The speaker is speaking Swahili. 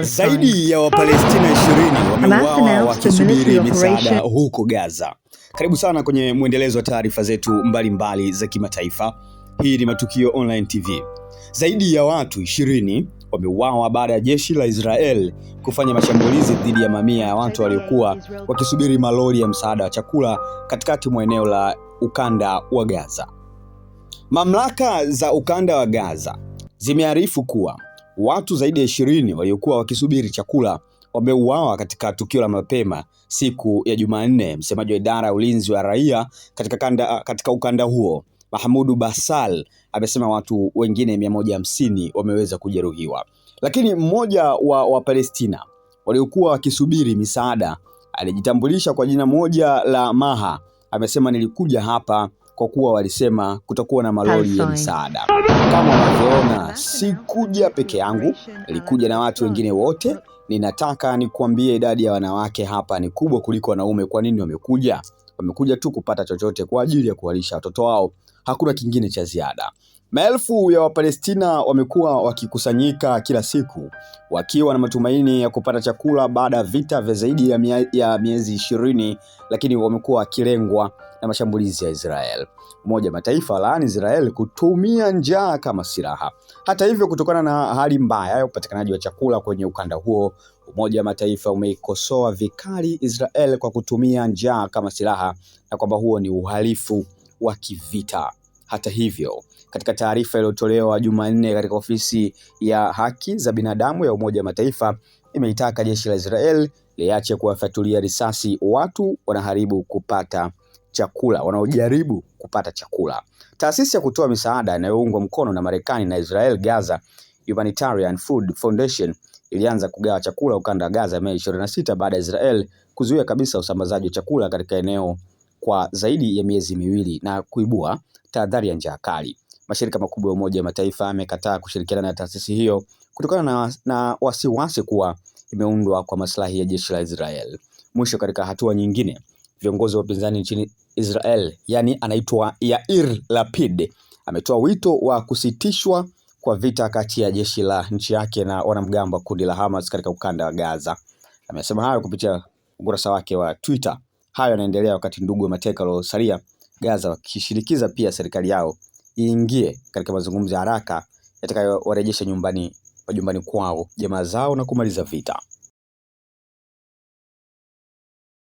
Zaidi ya Wapalestina 20 wameuawa wakisubiri misaada huko Gaza. Karibu sana kwenye mwendelezo wa taarifa zetu mbalimbali za kimataifa. Hii ni Matukio Online TV. Zaidi ya watu 20 wameuawa baada ya jeshi la Israel kufanya mashambulizi dhidi ya mamia ya watu waliokuwa wakisubiri malori ya msaada wa chakula katikati mwa eneo la ukanda wa Gaza. Mamlaka za ukanda wa Gaza zimearifu kuwa Watu zaidi ya ishirini waliokuwa wakisubiri chakula wameuawa katika tukio la mapema siku ya Jumanne. Msemaji wa idara ya ulinzi wa raia katika, kanda, katika ukanda huo Mahmudu Basal amesema watu wengine mia moja hamsini wameweza kujeruhiwa, lakini mmoja wa Wapalestina waliokuwa wakisubiri misaada alijitambulisha kwa jina moja la Maha, amesema nilikuja hapa kwa kuwa walisema kutakuwa na malori ya msaada. Kama unavyoona, sikuja peke yangu, nilikuja na watu wengine wote. Ninataka nikuambie idadi ya wanawake hapa ni kubwa kuliko wanaume. Kwa nini wamekuja? Wamekuja tu kupata chochote kwa ajili ya kuwalisha watoto wao, hakuna kingine cha ziada. Maelfu ya Wapalestina wamekuwa wakikusanyika kila siku wakiwa na matumaini ya kupata chakula baada ya vita vya zaidi ya, mia, ya miezi ishirini, lakini wamekuwa wakilengwa na mashambulizi ya Israel. Umoja wa Mataifa laani Israel kutumia njaa kama silaha. Hata hivyo, kutokana na hali mbaya ya upatikanaji wa chakula kwenye ukanda huo, Umoja wa Mataifa umeikosoa vikali Israel kwa kutumia njaa kama silaha na kwamba huo ni uhalifu wa kivita. Hata hivyo, katika taarifa iliyotolewa Jumanne katika ofisi ya haki za binadamu ya Umoja wa Mataifa imeitaka jeshi la Israel liache kuwafyatulia risasi watu wanaharibu kupata chakula wanaojaribu kupata chakula. Taasisi ya kutoa misaada inayoungwa mkono na Marekani na Israel Gaza Humanitarian Food Foundation ilianza kugawa chakula ukanda wa Gaza Mei 26 baada ya Israel kuzuia kabisa usambazaji wa chakula katika eneo kwa zaidi ya miezi miwili na kuibua tahadhari ya njaa kali. Mashirika makubwa ya Umoja wa Mataifa yamekataa kushirikiana na taasisi hiyo kutokana na, na wasiwasi kuwa imeundwa kwa maslahi ya jeshi la Israel. Mwisho, katika hatua nyingine, viongozi wa upinzani nchini Israel, yani anaitwa Yair Lapid, ametoa wito wa kusitishwa kwa vita kati ya jeshi la nchi yake na wanamgambo wa kundi la Hamas katika ukanda wa Gaza. Amesema hayo kupitia ukurasa wake wa Twitter. Hayo yanaendelea wakati ndugu wa mateka waliosalia Gaza wakishinikiza pia serikali yao iingie katika mazungumzo ya haraka yatakayowarejesha nyumbani majumbani kwao jamaa zao na kumaliza vita.